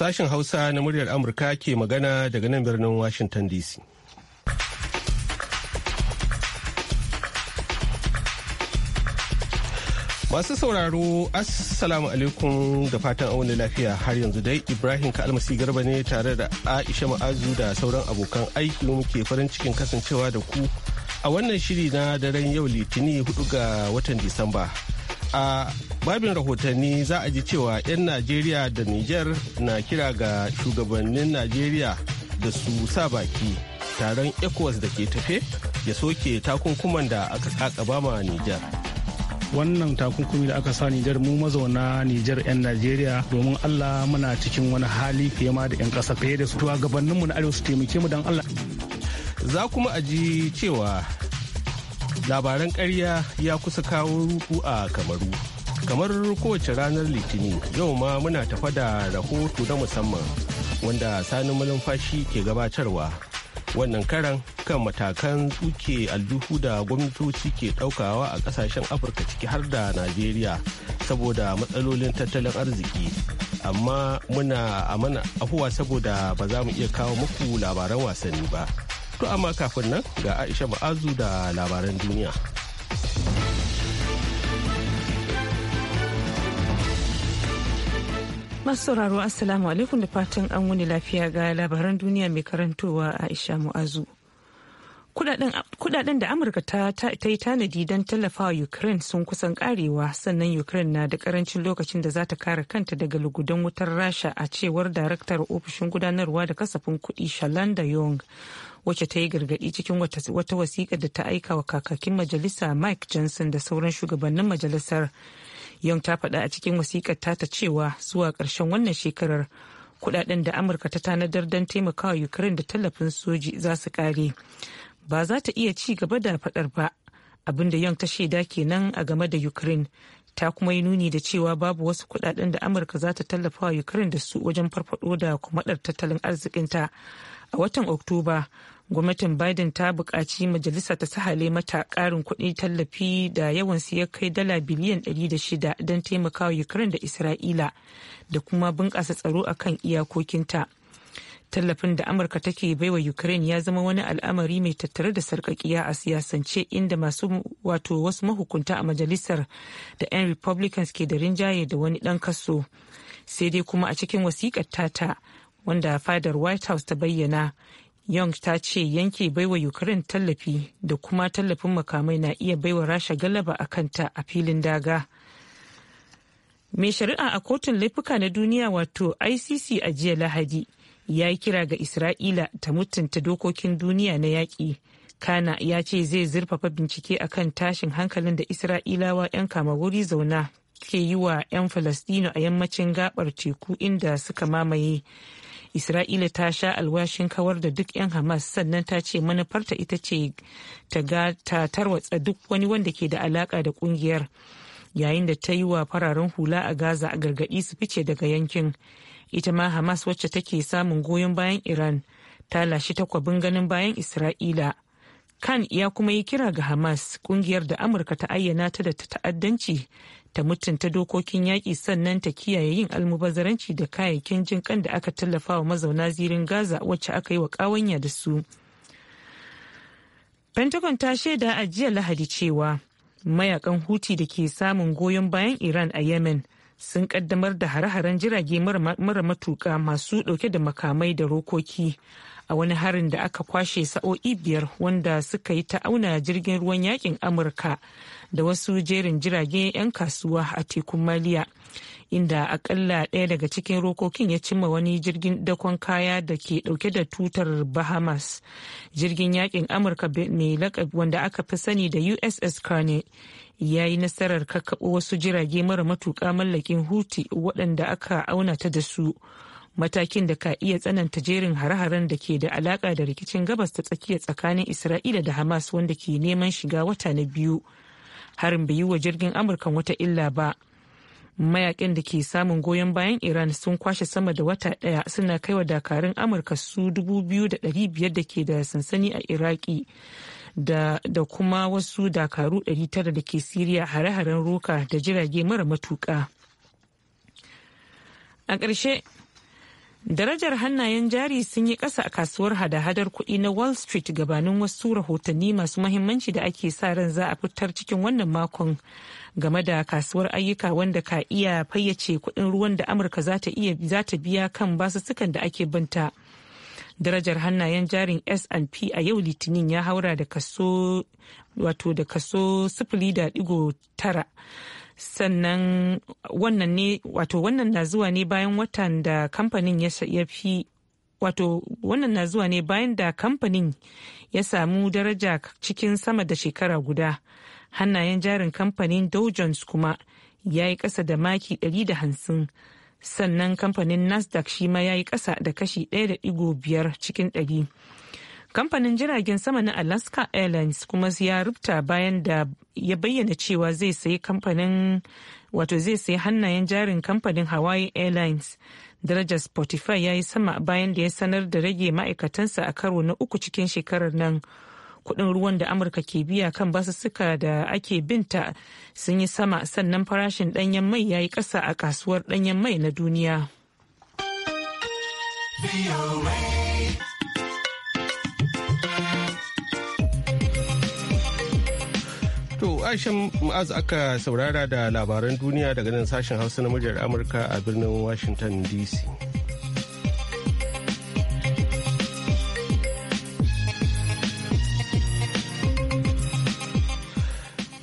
Sashen Hausa na muryar Amurka ke magana daga nan birnin Washington DC. Masu sauraro, Assalamu alaikum da fatan auna lafiya har yanzu dai Ibrahim Kalmasi Garba ne tare da Aisha Ma'azu da sauran abokan aiki muke farin cikin kasancewa da ku a wannan shiri na daren yau Litini 4 ga watan Disamba. a babin rahotanni za a ji cewa 'yan najeriya da niger na kira ga shugabannin najeriya da su sa baki taron ecowas da ke tafe ya soke takunkuman da aka kakaba ma niger wannan takunkumi da aka sa Nijar mu mazauna Nijar 'yan Najeriya domin Allah muna cikin wani hali fiye ma da 'yan ƙasa fiye da su gabaninmu na arewa su taimake mu don Allah. Za kuma a ji cewa labaran karya ya kusa kawo ruku a kamaru kamar kowace ranar litinin yau ma muna tafa da rahoto na musamman wanda sani malumfashi ke gabatarwa wannan karan kan matakan tsuke alduhu da gwamnatoci ke daukawa a kasashen afirka ciki har da najeriya saboda matsalolin tattalin arziki amma muna a mana afuwa saboda ba za mu iya kawo muku labaran wasanni ba To amma kafin nan ga Aisha Ma'azu da labaran duniya. Masu sauraro Assalamu alaikum da fatan an wuni lafiya ga labaran duniya mai karantowa Aisha Mu'azu. kudaden da amurka ta yi tanadi don tallafawa ukraine sun kusan karewa sannan ukraine na da karancin lokacin da za ta kare kanta daga lugudan wutar rasha a cewar daraktar ofishin gudanarwa da kasafin kudi shalanda young wacce ta yi gargadi cikin wata wasiƙa da ta aika wa kakakin majalisa mike johnson da sauran shugabannin majalisar young ta faɗa a cikin wasiƙar ta cewa zuwa ƙarshen wannan shekarar kudaden da amurka ta tanadar don taimakawa ukraine da tallafin soji za su kare ba za ta iya ci gaba da faɗar ba abinda yau ta shaida kenan a game da ukraine ta kuma yi nuni da cewa babu wasu kudaden da amurka za ta tallafa wa ukraine da su wajen farfado da kumadar tattalin arzikinta a watan oktoba gwamnatin biden ta buƙaci majalisa ta sahale mata ƙarin kuɗi tallafi da yawan ya kai dala biliyan 106 don taimakawa ukraine da isra'ila da kuma bunƙasa tsaro akan iyakokinta tallafin da amurka take baiwa ukraine ya zama wani al'amari mai tattare da sarkakiya a siyasance inda masu wato wasu mahukunta a majalisar da 'yan republicans ke da rinjaye da wani dan kaso sai dai kuma a cikin wasiƙar tata wanda fadar white house ta bayyana young ta ce yanke baiwa ukraine tallafi da kuma tallafin makamai na iya baiwa rasha galaba a kanta a filin daga. mai shari'a a kotun laifuka na duniya wato icc a jiya lahadi ya yi kira ga isra'ila ta mutunta dokokin duniya na yaƙi kana ya ce zai zurfafa bincike akan tashin hankalin da isra'ilawa 'yan kama wuri zauna ke yi wa 'yan falastino a yammacin gabar teku inda suka mamaye isra'ila ta sha alwashin kawar da duk 'yan hamas sannan ta ce manufarta ita ce ta ga ta tarwatsa duk wani wanda ke da alaka da kungiyar yayin da ta yi wa fararen hula a gaza a gargaɗi su fice daga yankin ita ma hamas wacce take samun goyon bayan iran ta lashe takwabin ganin bayan isra'ila kan ya kuma yi kira ga hamas kungiyar da amurka ta ayyana ta da ta'addanci ta mutunta dokokin yaƙi sannan ta kiyaye yin almubazzaranci da kayayyakin jin kan da aka tallafa wa mazauna zirin gaza wacce aka yi wa kawanya da su pentagon ta shaida a jiya lahadi cewa mayakan huti da ke samun goyon bayan iran a yemen sun kaddamar da hare-haren jirage mara matuka masu dauke da makamai da rokoki a wani harin da aka kwashe sa'o'i biyar wanda suka yi ta'auna jirgin ruwan yakin amurka da wasu jerin jirage 'yan kasuwa a tekun maliya inda akalla ɗaya daga cikin rokokin ya cimma wani jirgin dakon kaya da ke dauke da tutar bahamas jirgin yakin amurka mai wanda aka fi sani da uss carney ya yi nasarar kakkaɓo wasu jirage mara matuƙa mallakin huti waɗanda aka auna ta da su matakin da ka iya tsananta jerin hare-haren da ke da alaƙa da rikicin gabas ta tsakiya tsakanin isra'ila da hamas wanda ke neman shiga wata na biyu harin bai yi wa jirgin amurkan wata illa ba mayakin da ke samun goyon bayan iran sun kwashe sama da wata ɗaya suna kaiwa dakarun amurka su 2,500 da ke da sansani a iraki da, kuma wasu dakaru 900 da ke siriya hare-haren roka da jirage mara matuka a ƙarshe darajar hannayen jari sun yi ƙasa a kasuwar hada-hadar kuɗi na wall street gabanin wasu rahotanni masu mahimmanci da ake sa ran za a fitar cikin wannan makon game da kasuwar ayyuka wanda ka iya fayyace kuɗin ruwan da amurka za ta biya kan basussukan da ake banta. darajar hannayen jarin S&P a yau litinin ya haura da kaso wato da kaso sifili da digo tara sannan wannan ne wato wannan na zuwa ne bayan watan da kamfanin ya fi wato wannan na zuwa ne bayan da kamfanin ya samu daraja cikin sama da shekara guda hannayen jarin kamfanin Dow Jones kuma ya yi ƙasa da maki 150 sannan kamfanin nasdaq shi ma ya yi kasa da kashi 1.5 cikin ɗari. kamfanin jiragen sama na alaska airlines kuma ya rubuta bayan da ya bayyana cewa zai sayi kamfanin wato zai sayi hannayen jarin kamfanin hawaii airlines darajar spotify ya yi sama bayan da ya sanar da rage ma'aikatansa a karo na uku cikin shekarar nan kuɗin ruwan da amurka ke biya kan basussuka da ake binta sun yi sama sannan farashin ɗanyen mai ya yi ƙasa a kasuwar ɗanyen mai na duniya. To Aisha aka saurara da labaran duniya daga nan sashen Hausa na muryar Amurka a birnin Washington DC.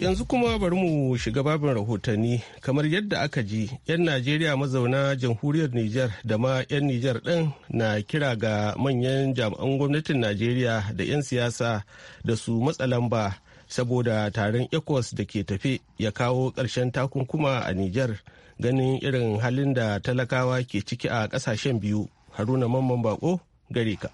yanzu kuma bari mu shiga babin rahotanni kamar yadda aka ji 'yan najeriya mazauna jamhuriyar niger da ma 'yan niger ɗan na kira ga manyan jami'an gwamnatin najeriya da 'yan siyasa da su matsa lamba saboda taron ecos da ke tafe ya kawo ƙarshen takunkuma a niger ganin irin halin da talakawa ke ciki a ƙasashen biyu haruna mamman bako gare ka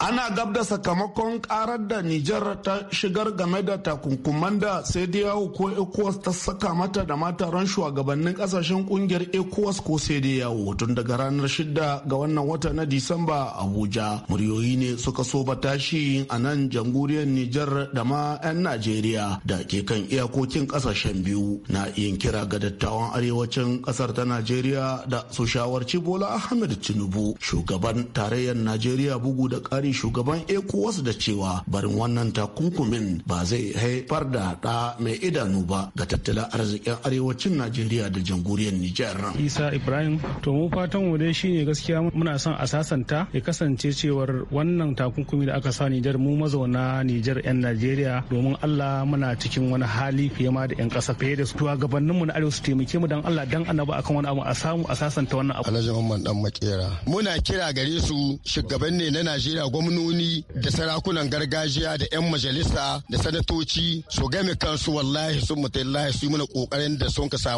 ana gab da sakamakon karar da nijar ta shigar game da takunkuman da sai yawo ko ecowas ta saka mata da mataron shugabannin kasashen kungiyar ecowas ko sai yawo tun daga ranar 6 ga wannan wata na disamba abuja muryoyi ne suka so ba tashi a nan jamhuriyar nijar da ma 'yan najeriya da ke kan iyakokin kasashen biyu na yin kira ga dattawan arewacin kasar ta najeriya da su shawarci bola ahmed tinubu shugaban tarayyar najeriya bugu da kari ikirarin shugaban ecowas da cewa barin wannan takunkumin ba zai haifar da da mai idanu ba ga tattalin arzikin arewacin najeriya da jamhuriyar nijar isa ibrahim to mu fatan mu dai shine gaskiya muna son a sasanta ya kasance cewar wannan takunkumi da aka sa niger mu mazauna nijar yan najeriya domin allah muna cikin wani hali fiye ma da yan kasa fiye da su gabaninmu na arewa su taimake mu dan allah dan annaba akan wani abu a samu a sasanta wannan abu alhaji umman dan makera muna kira gare su shugaban ne na najeriya gwamnoni da sarakunan gargajiya da 'yan majalisa da sanatoci su game kansu wallahi sun mutai lahi su yi mana kokarin da sun kasa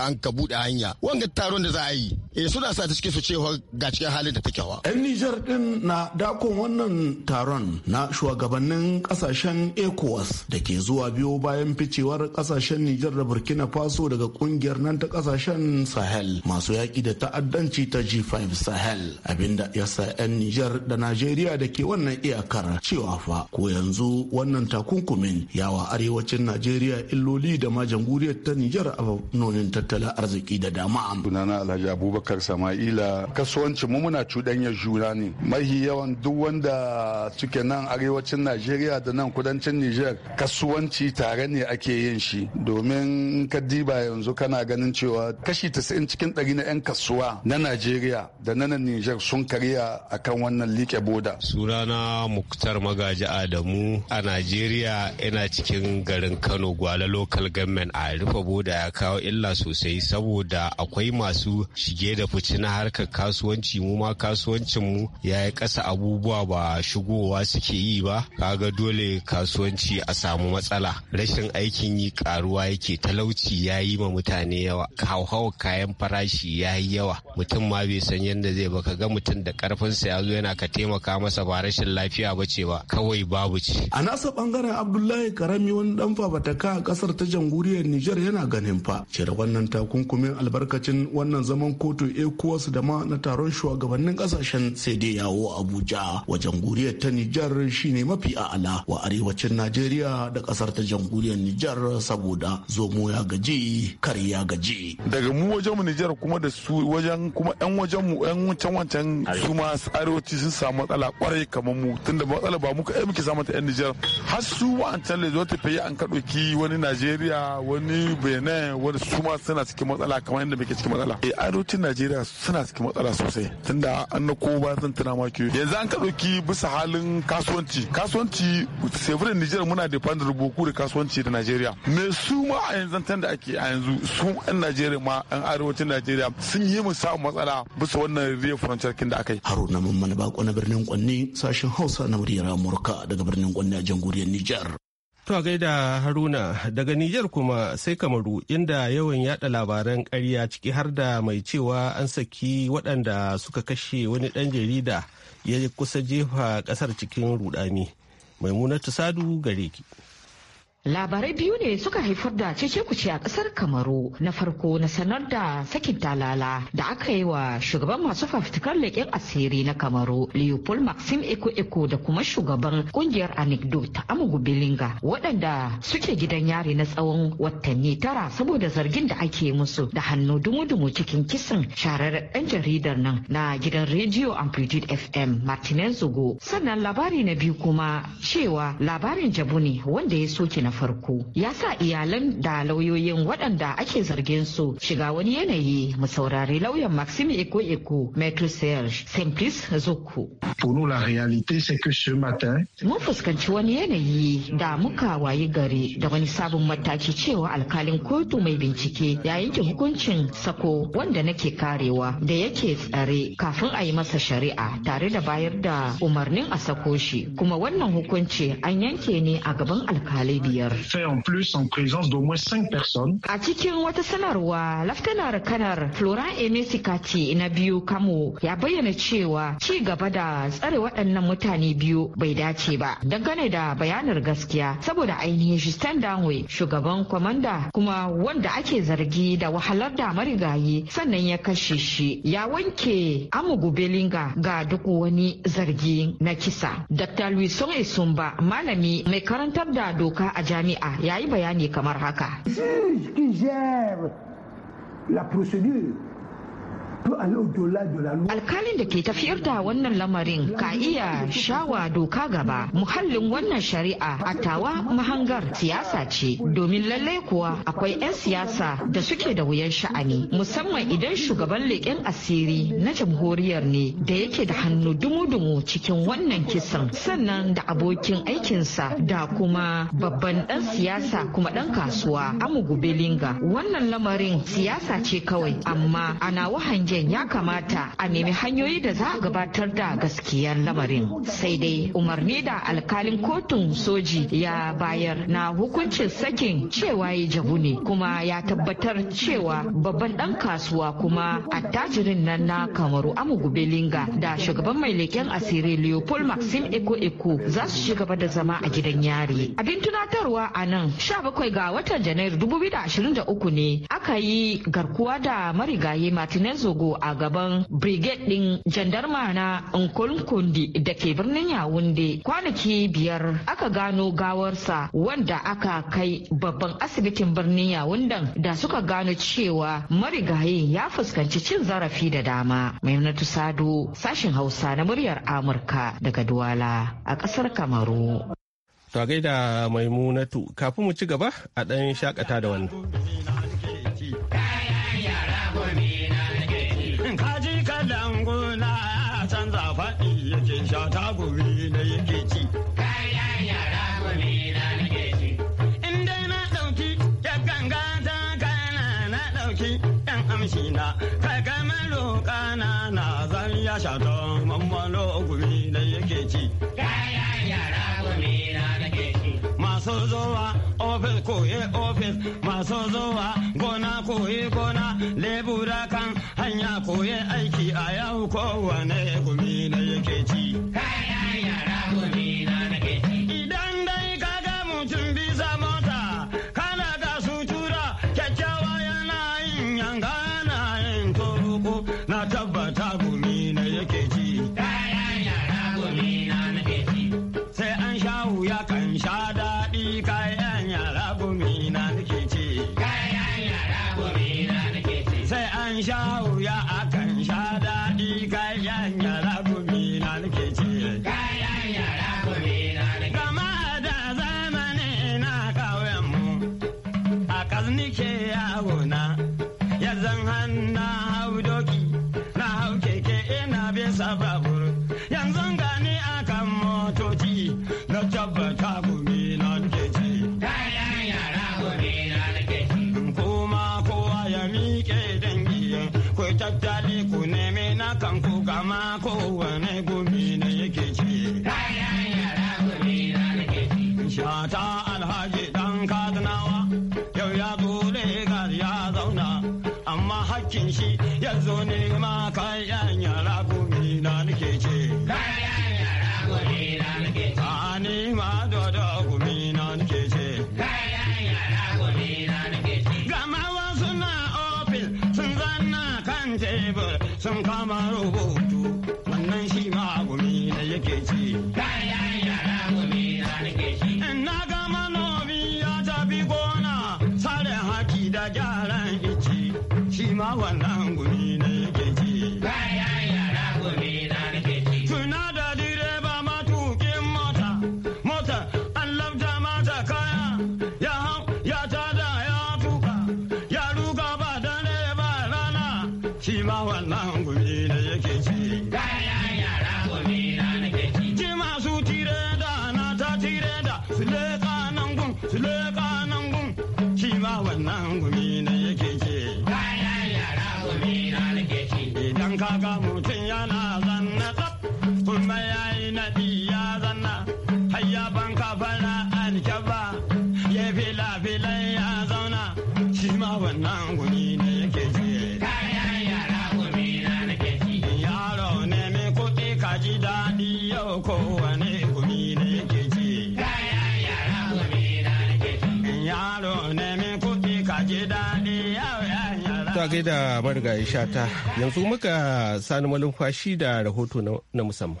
an ka buɗe hanya wanga taron da za a yi eh suna sa ta cikin su cewa ga cikin halin da take wa. 'yan nijar din na dakon wannan taron na shugabannin kasashen ecowas da ke zuwa biyu bayan ficewar kasashen nijar da burkina faso daga kungiyar nan ta kasashen sahel masu yaki da ta'addanci ta g5 sahel abinda yasa 'yan nijar da najeriya Najeriya da ke wannan iyakar cewa fa ko yanzu wannan takunkumin yawa arewacin Najeriya illoli da ma jamhuriyar ta Nijar a nonin tattalin arziki da dama. Sunana Alhaji Abubakar Sama'ila kasuwanci mu muna cuɗanyar juna ne. Mahi yawan duk wanda suke nan arewacin Najeriya da nan kudancin Nijar kasuwanci tare ne ake yin shi domin ka diba yanzu kana ganin cewa kashi 90 cikin ɗari na 'yan kasuwa na Najeriya da na Nijar sun karya akan wannan liƙe boda sunanka sunana muktar magaji adamu a najeriya ina cikin garin kano gwala local government a rufe boda ya kawo illa sosai saboda akwai masu shige da fice na harkar kasuwanci mu ma kasuwancin mu ya yi ƙasa abubuwa ba shigowa suke yi ba kaga dole kasuwanci a samu matsala rashin aikin yi karuwa yake talauci ya yi ma mutane yawa hauhawar kayan farashi ya yi yawa mutum ma bai san yadda zai ba ka ga mutum da ƙarfinsa ya zo yana ka taimaka masa ba rashin lafiya ba ce kawai babu ci. A nasa bangaren Abdullahi Karami wani dan fafataka a kasar ta jamhuriyar Nijar yana ganin fa. Cire wannan takunkumin albarkacin wannan zaman kotu ECOWAS da ma na taron shugabannin kasashen sai dai yawo Abuja wa jamhuriyar ta Nijar shine mafi a'ala wa arewacin Najeriya da kasar ta jamhuriyar Nijar saboda zomo ya gaji kar ya gaji. Daga mu wajen Nijar kuma da su wajen kuma 'yan wajen mu 'yan wancan wancan su ma arewaci sun samu matsala matsala kwarai kamar mu tunda matsala ba muka ai muke samun ta yan Nijar har su wa'ancan le zuwa tafiye an ka ɗauki wani Najeriya wani Benin wani su ma suna cikin matsala kamar yadda muke cikin matsala. Eh arewacin Najeriya suna cikin matsala sosai tunda an na koba zan tana ke. yanzu an ka ɗauki bisa halin kasuwanci kasuwanci sefirin Nijar muna da fandar boku da kasuwanci da Najeriya me su ma a yanzu tan da ake a yanzu su yan Najeriya ma yan arewacin Najeriya sun yi mu samun matsala bisa wannan rear frontier kin da aka yi. Haruna Mamman ko na birnin Kwanni sashen Hausa na muryar Amurka daga birnin Kwanni a jamhuriyar Nijar. To gaida Haruna daga Nijar kuma sai Kamaru inda yawan yada labaran karya ciki har da mai cewa an saki waɗanda suka kashe wani ɗan jarida ya kusa jefa ƙasar cikin rudani. ta Sadu gare ki. Labarai biyu ne suka haifar da cece kuce a ƙasar Kamaru na farko na sanar da sakin talala da aka yi wa shugaban masu fafutukar leƙen asiri na Kamaru Leopold Maxim Eko Eko da kuma shugaban kungiyar anecdote Amugu Bilinga waɗanda suke gidan yari na tsawon watanni tara saboda zargin da ake musu da hannu dumu-dumu cikin kisan sharar ɗan jaridar nan na gidan rediyo Amplitude FM Martinez Zogo. Sannan labari na biyu kuma cewa labarin jabu ne wanda ya soke na farko ya sa iyalan da lauyoyin waɗanda ake zargin su shiga wani yanayi mu saurari lauyan Maxime Eko Eko Metro Serge Simplice Zoku. Mun fuskanci wani yanayi da muka wayi gari da wani sabon mataki cewa alkalin kotu mai bincike ya yanke hukuncin sako wanda nake karewa da yake tsare kafin a yi masa shari'a tare da bayar da umarnin a sako shi kuma wannan hukunci an yanke ne a gaban alkalai biyar. biyar. Plus en présence d'au moins cinq personnes. A cikin wata sanarwa, Laftanar Kanar Flora Emesi Kati na biyu Kamo ya bayyana cewa ci gaba da tsare waɗannan mutane biyu bai dace ba. Dangane da bayanar gaskiya saboda ainihin Justin Danwe shugaban kwamanda kuma wanda ake zargi da wahalar da marigayi sannan ya kashe shi ya wanke amugu belinga ga duk wani zargi na kisa. Dr. Luison sumba malami mai karantar da doka a jami'a ya yi bayani kamar haka. La procédure alkalin da ke tafiyar da wannan lamarin ka iya shawa doka gaba muhallin wannan shari'a a tawa mahangar siyasa ce domin lallai kuwa akwai 'yan siyasa da suke da wuyan sha'ani musamman idan shugaban leƙen asiri na jamhuriyar ne da yake da hannu dumu-dumu cikin wannan kisan sannan da abokin aikinsa da kuma babban ɗan siyasa kuma ɗan kasuwa amugu belinga wannan lamarin siyasa ce kawai amma ana wahan yan ya kamata a nemi hanyoyi da za a gabatar da gaskiyar lamarin sai dai umarni da alkalin kotun soji ya bayar na hukuncin sakin cewa ya jabu ne kuma ya tabbatar cewa babban dan kasuwa kuma attajirin nan na kamaru amugubelinga da shugaban mai leken asiri leopold maxim eko eko za su ci gaba da zama a gidan yari abin tunatarwa a nan 17 ga watan janairu 2023 ne aka yi garkuwa da marigayi martinez Togo a gaban brigade ɗin jandarma na Nkolnkondi da ke birnin Yawunde kwanaki biyar aka gano gawarsa wanda aka kai babban asibitin birnin Yawundan da suka gano cewa marigayin ya fuskanci cin zarafi da dama. Maimunatu Sado sashin Hausa na muryar Amurka daga Duwala a ƙasar Kamaru. To gaida Maimunatu kafin mu ci gaba a ɗan shakata da wannan. yake sha ta na yake Kaya yara gobe na nake ci. In dai na ɗauki ya ganga ta kana na ɗauki ɗan amshi na ka na na zan ya sha ta mamman na yake ci. ofis koye ofis masu zuwa gona koye gona lebura kan hanya koye aiki a yau kowane gumi na yake ci. kayan yara gumi na nake ce. kaga mutum yana zanna tsaf kuma yayi naɗi ya zanna hayya banka fara alkyaba a gaida marigayi shata yanzu muka sani malumfashi da rahoto na musamman.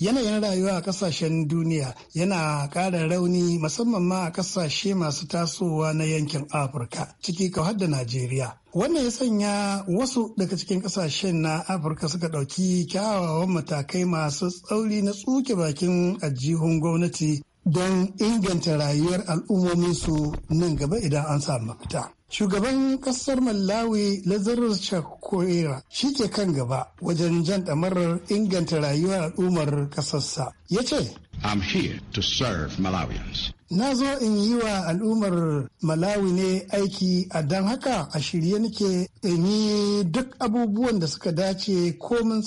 Yanayin rayuwa a kasashen duniya yana ƙara rauni musamman ma a kasashe masu tasowa na yankin Afirka ciki kawar da Najeriya. Wannan ya sanya wasu daga cikin kasashen na Afirka suka ɗauki kyawawan matakai masu tsauri na tsuke bakin ajihun gwamnati don inganta rayuwar al'ummominsu nan gaba idan an samu mafita. Shugaban kasar Malawi Lazarus Chakwera shi ke kan gaba wajen jan ɗamarar inganta rayuwar al'ummar ƙasarsa. Ya ce, I'm here to serve Malawians. Na zo in yi wa al'ummar Malawi ne aiki a don haka a shirye nake in yi duk abubuwan da suka dace komin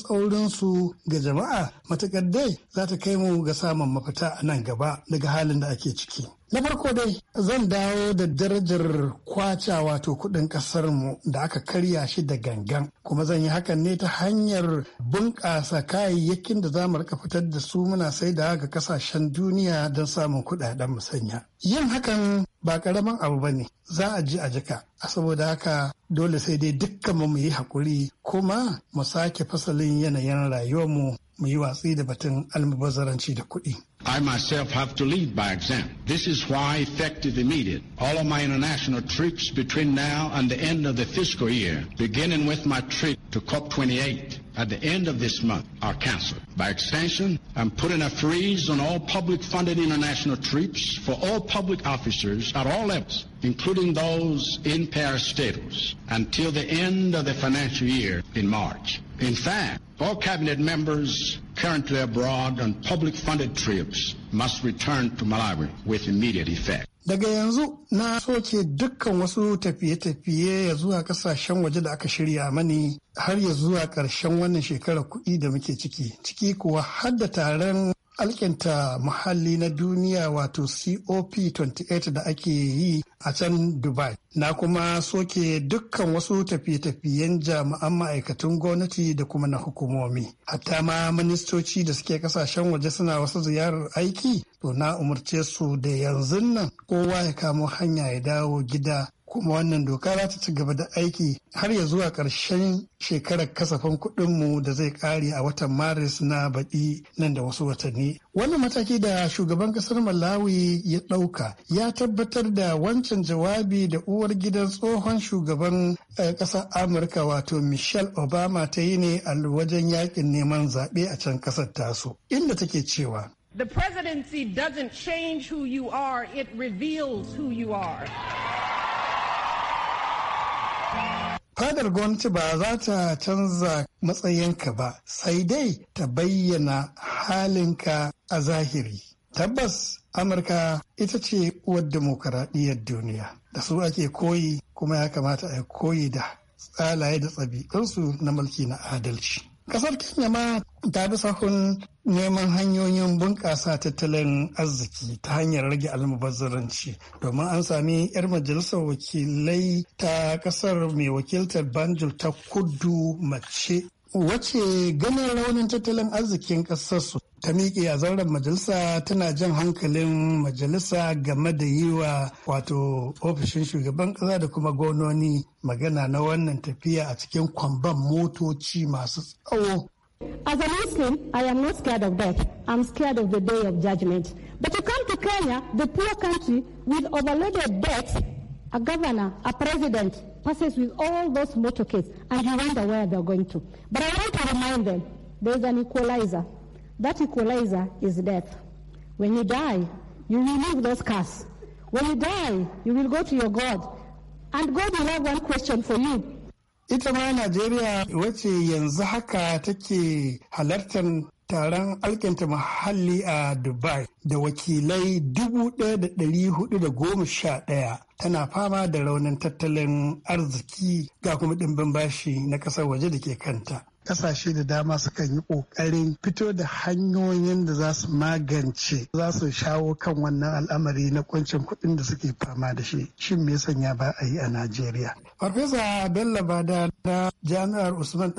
su ga jama'a matakar dai za ta kai mu ga samun mafita a nan gaba daga halin da ake ciki. Na farko dai zan dawo da darajar kwaca wato kudin mu da aka karya shi da gangan kuma zan yi hakan ne ta hanyar bunƙasa kayayyakin da za mu rika fitar da su muna sai da ga kasashen duniya don samun kudaden sanya. Yin hakan ba karamin abu ba ne za a ji a jika a saboda haka dole sai dai dukkan mu yi haƙuri kuma mu sake fasalin yanayin rayuwar mu. mu yi watsi da batun da kuɗi. I myself have to lead by example. This is why effective immediate all of my international trips between now and the end of the fiscal year, beginning with my trip to COP28 at the end of this month are canceled. By extension, I'm putting a freeze on all public funded international trips for all public officers at all levels, including those in parastatals, until the end of the financial year in March. In fact, all cabinet members currently abroad on public funded trips must return to Malawi with immediate effect. daga yanzu na soke dukkan wasu tafiye-tafiye ya zuwa kasashen waje da aka shirya mani har ya zuwa ƙarshen wannan shekarar kuɗi da muke ciki ciki kuwa har da taron alkinta muhalli na duniya wato cop28 da ake yi a can dubai na kuma soke dukkan wasu tafiye-tafiyen jami'an ma'aikatun gwamnati da kuma na hukumomi hatta ma ministoci da suke kasashen waje suna wasu ziyarar aiki to na umarce su da yanzu nan kowa ya kamo hanya ya dawo gida kuma wannan doka za ta ci gaba da aiki har ya zuwa ƙarshen shekarar kasafin kuɗinmu da zai ƙare a watan maris na baɗi nan da wasu watanni wannan mataki da shugaban ƙasar malawi ya ɗauka ya tabbatar da wancan jawabi da uwar gidan tsohon shugaban eh, ƙasar amurka wato michelle obama ta yi ne a wajen yakin neman zaɓe a can ƙasar tasu inda take cewa The presidency doesn't change who you are, it reveals who you are. Fadar gwamnati ba za ta canza matsayinka ba, sai dai ta bayyana halinka a zahiri. Tabbas Amurka ita ce uwar demokaradiyyar duniya, da su ake koyi kuma ya kamata a koyi da tsalaye da tsabi'unsu na mulki na adalci. Kasar Kenya ma ta bi sahun neman hanyoyin bunƙasa tattalin arziki ta hanyar rage almubazzaranci domin an sami 'yar majalisar wakilai ta kasar mai wakiltar banjul ta kudu mace wace ganin raunin tattalin arzikin ƙasarsu ta miƙe a zauren majalisa tana jan hankalin majalisa game da yi wa wato ofishin shugaban ƙasa da kuma gononi magana na wannan tafiya a cikin kwamban motoci masu tsawo. As a Muslim, I am not scared of death. I'm scared of the day of judgment. But to come to Kenya, the poor country with overloaded debts, a governor, a president, Passes with all those motorcades and you wonder where they're going to. But I want to remind them there is an equalizer. That equalizer is death. When you die, you remove those cars. When you die, you will go to your God. And God will have one question for you. ita ma najeriya wacce yanzu haka take halartar taron alkinta muhalli a Dubai da wakilai 1,411 tana fama da raunin tattalin arziki ga kuma ɗimbin bashi na ƙasar waje da ke kanta. kasashe da dama sukan yi kokarin fito da hanyoyin da za su magance za su shawo kan wannan al'amari na kwancin kuɗin da suke fama da shi shin me sanya ba a yi a najeriya farfesa bello bada na jami'ar usman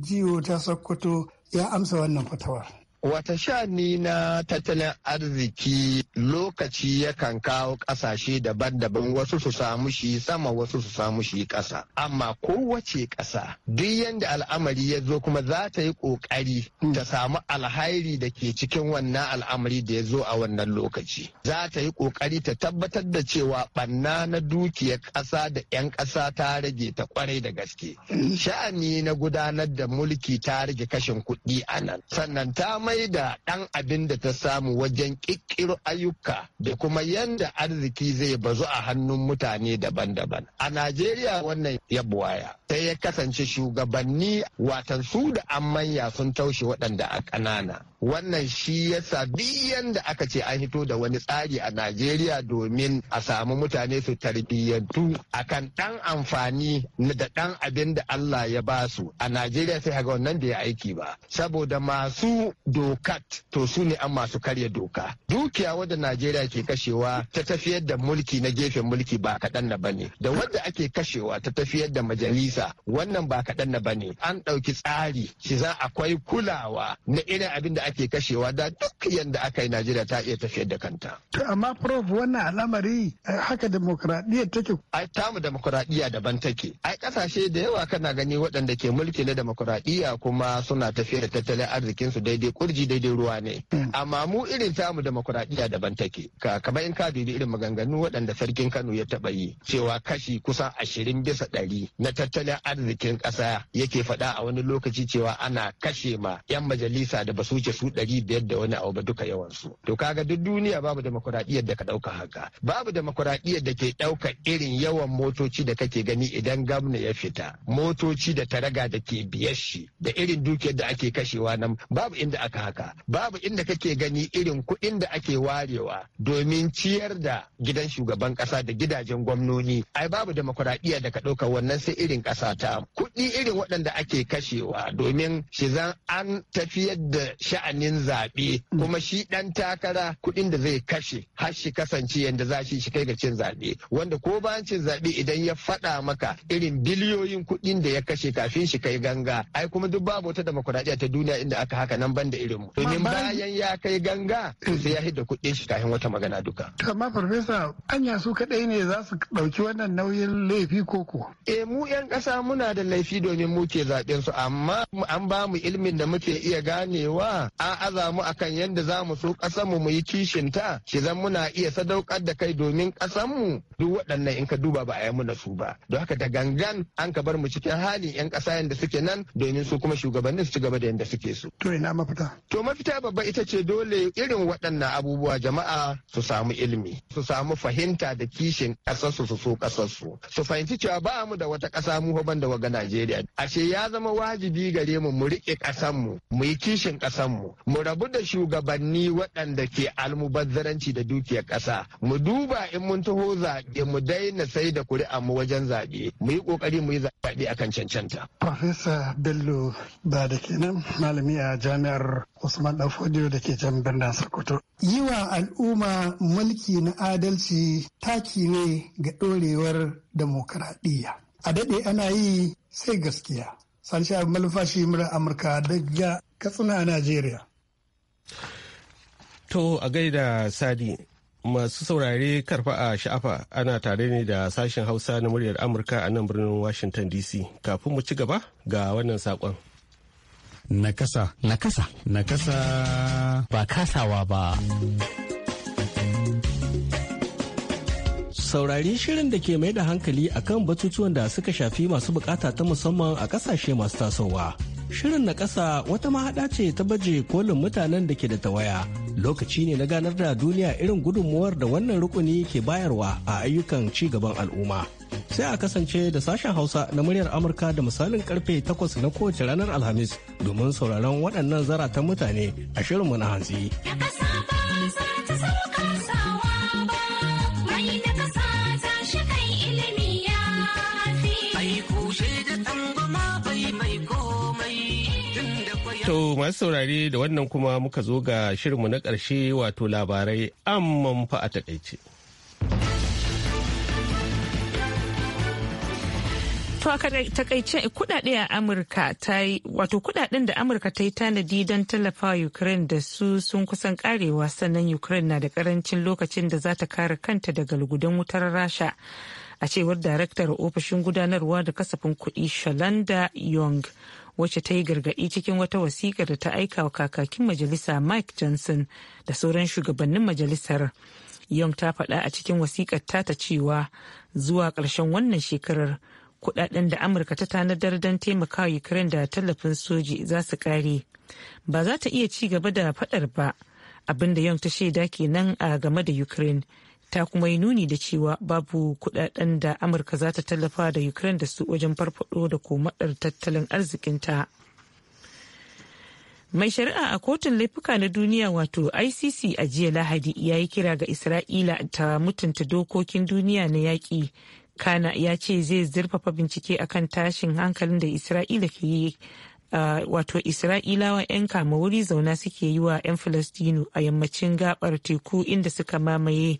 jiyo ta sokoto ya amsa wannan fatawar wata sha'ani na tattalin arziki lokaci yakan kawo ƙasashe daban-daban wasu su samu shi sama wasu su samu shi ƙasa amma kowace ƙasa duk yadda al'amari ya zo kuma za ta yi ƙoƙari ta samu alhairi da ke cikin wannan al'amari da ya zo a wannan lokaci za ta yi ƙoƙari ta tabbatar da cewa ɓanna na dukiyar ƙasa da 'yan ƙasa ta rage ta kwarai da gaske sha'ani na gudanar da mulki ta rage kashin kuɗi a nan sannan ta mai mai da ɗan abin da ta samu wajen ƙirƙiro ayyuka da kuma yanda arziki zai bazu a hannun mutane daban-daban. A Najeriya wannan ya buwaya sai ya kasance shugabanni watan su da an manya sun taushe waɗanda a ƙanana. Wannan shi ya sabi da aka ce an hito da wani tsari a Najeriya domin a samu mutane su tarbiyyantu akan ɗan amfani da ɗan abin da Allah ya ba su a Najeriya sai haga wannan ya aiki ba. Saboda masu do dokat to su ne an masu karya doka dukiya wadda najeriya ke kashewa ta tafiyar da mulki na gefen mulki ba kaɗan na bane da wadda ake kashewa ta tafiyar da majalisa wannan ba kaɗan na bane an ɗauki tsari shi za akwai kulawa na irin abin da ake kashewa da duk yadda aka yi najeriya ta iya tafiyar da kanta to amma prof wannan al'amari eh, haka demokradiyya take ai tamu demokradiyya daban take ai kasashe da yawa kana gani waɗanda ke mulki na demokradiyya kuma suna tafiyar da tattalin arzikinsu daidai kurji daidai ruwa ne amma mu irin tamu demokuraɗiyya daban take kamar in ka dubi irin maganganu waɗanda sarkin kano ya taɓa yi cewa kashi kusan ashirin bisa ɗari na tattalin arzikin ƙasa yake faɗa a wani lokaci cewa ana kashe ma 'yan majalisa da ba su wuce su ɗari biyar da wani abu ba duka yawansu to kaga duk duniya babu demokuraɗiyyar da ka ɗauka haka babu demokuraɗiyyar da ke ɗauka irin yawan motoci da kake gani idan gwamna ya fita motoci da taraga da ke biyar shi da irin dukiyar da ake kashewa nan babu inda aka haka haka babu inda kake gani irin kuɗin da ake warewa domin ciyar da gidan shugaban kasa da gidajen gwamnoni ai babu demokuraɗiyya da ka ɗauka wannan sai irin ƙasa ta kuɗi irin waɗanda ake kashewa domin shi zan an tafiyar da sha'anin zaɓe kuma shi ɗan takara kuɗin da zai kashe har shi kasance yadda za shi kai ga cin zaɓe wanda ko bayan cin zaɓe idan ya faɗa maka irin biliyoyin kuɗin da ya kashe kafin shi kai ganga ai kuma duk babu wata demokuraɗiyya ta duniya inda aka haka nan banda irin mu domin bayan ya kai ganga sai ya hidda kuɗi shi kafin wata magana duka amma farfesa anya su kadai ne za su ɗauki wannan nauyin laifi ko eh mu ƴan ƙasa muna da laifi domin mu ke zaben su amma an ba mu ilimin da muke iya ganewa a aza mu akan yadda za mu so kasar mu yi kishin ta shi zan muna iya sadaukar da kai domin kasar mu duk waɗannan in ka duba ba a yi muna su ba don haka da gangan an ka bar mu cikin halin ƴan ƙasa yadda suke nan domin su kuma shugabannin su ci gaba da yadda suke su to ina mafita To mafita babba ita ce dole irin waɗannan abubuwa jama'a su samu ilimi, su samu fahimta da kishin ƙasarsu su so ƙasarsu. Su fahimci cewa ba mu da wata ƙasa mu ban da waga Najeriya. Ashe ya zama wajibi gare mu mu riƙe ƙasarmu, mu yi kishin ƙasarmu, mu mu rabu da shugabanni waɗanda ke almubazzaranci da dukiyar ƙasa. Mu duba in mun taho zaɓe mu daina sai da ƙuri'a mu wajen zaɓe, mu yi ƙoƙari mu yi zaɓe akan cancanta. Farfesa Bello ba da kenan malami a jami'ar Usman Danfodiyo da ke can birnin Sokoto. Yi wa al'umma mulki na adalci taki ne ga ɗorewar demokaraɗiyya. A daɗe ana yi sai gaskiya. Sanci Abu Malfashi mura Amurka daga Katsina, Najeriya. To a gaida Sadi masu saurare karfa a sha'afa ana tare ne da sashen Hausa na muryar Amurka a nan birnin Washington DC. Kafin mu ci gaba ga wannan sakon. Nakasa. Nakasa. Nakasa. Ba kasawa ba. Saurari shirin da ke mai da hankali a kan batutuwan da suka shafi masu bukata ta musamman a kasashe masu tasowa. Shirin na ƙasa wata mahaɗa ce ta baje kolin mutanen da ke da tawaya. Lokaci ne na ganar da duniya irin gudunmuwar da wannan rukuni ke bayarwa a ayyukan ci gaban al'umma. sai a kasance da sashen Hausa na muryar Amurka da misalin karfe 8 na kowace ranar Alhamis domin sauraron waɗannan zaratan mutane a shirinmu na hantsi. To masu saurare da wannan kuma muka zo ga shirinmu na ƙarshe wato labarai amman fa a takaice. To a takaice kudade a Amurka ta yi wato kudaden da Amurka ta yi tanadi don tallafa Ukraine da su sun kusan karewa sannan Ukraine na da karancin lokacin da za ta kare kanta daga lugudan wutar Rasha. A cewar daraktar ofishin gudanarwa da kasafin kuɗi Shalanda Young wacce ta yi gargaɗi cikin wata wasiƙa da ta aika wa kakakin majalisa Mike Johnson da sauran shugabannin majalisar. Young ta faɗa a cikin wasiƙar ta cewa zuwa ƙarshen wannan shekarar kudaden da amurka ta tanadar don taimaka taimakawa ukraine da tallafin soji za su kare ba za ta iya ci gaba da fadar ba abinda yau ta shaida kenan a game da ukraine ta kuma yi nuni da cewa babu kudaden da amurka za ta tallafa da ukraine da su wajen farfado da komadar tattalin arzikinta mai shari'a a kotun laifuka na duniya wato icc a jiya lahadi ya yi kira ga isra'ila ta mutunta dokokin duniya na yaƙi kana ya ce zai zurfafa bincike akan tashin hankalin da isra'ila ke yi wato isra'ilawa 'yan kama wuri zauna suke yi wa 'yan filistinu a yammacin gabar teku inda suka mamaye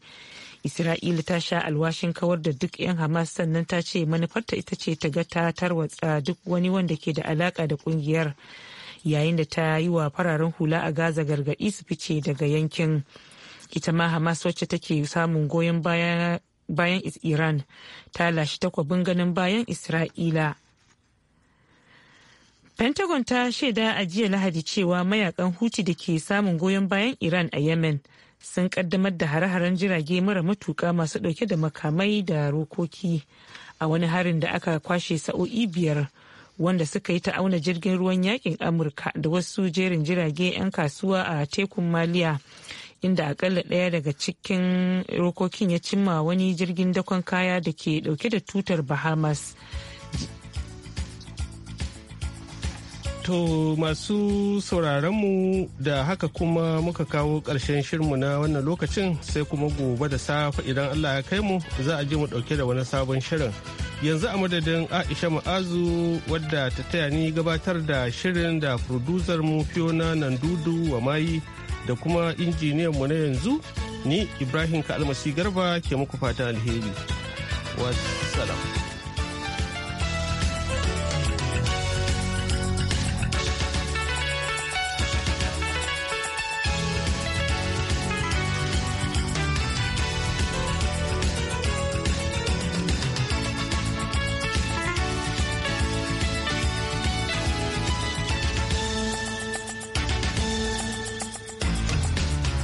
isra'ila ta sha alwashin kawar da duk 'yan hamas sannan ta ce manufarta ita ce ta ga ta tarwatsa duk wani wanda ke da alaka da kungiyar yayin da ta yi wa fararen hula a gaza gargaɗi su fice daga yankin ita ma hamas wacce take samun goyon baya bayan iran ta lashe takwabin ganin bayan isra'ila pentagon ta shaida a jiya lahadi cewa mayakan huti da ke samun goyon bayan iran a yemen sun kaddamar da hare-haren jirage mara matuka masu dauke da makamai da rokoki a wani harin da aka kwashe sa'o'i biyar wanda suka yi ta auna jirgin ruwan yakin amurka da wasu jerin jirage 'yan kasuwa a tekun maliya inda akalla ɗaya daga cikin rokokin ya cimma wani jirgin dakon kaya da ke ɗauke da tutar bahamas To masu sauraronmu da haka kuma muka kawo ƙarshen shirmu na wannan lokacin sai kuma gobe da safe idan Allah ya kai mu za a je mu ɗauke da wani sabon shirin. Yanzu a madadin Aisha Ma'azu wadda ta taya ni gabatar da shirin da producer mu Fiona Nandudu wa mayi. da kuma injiniyan mu na yanzu ni ibrahim kalmasi garba ke muku fata alheri wassalam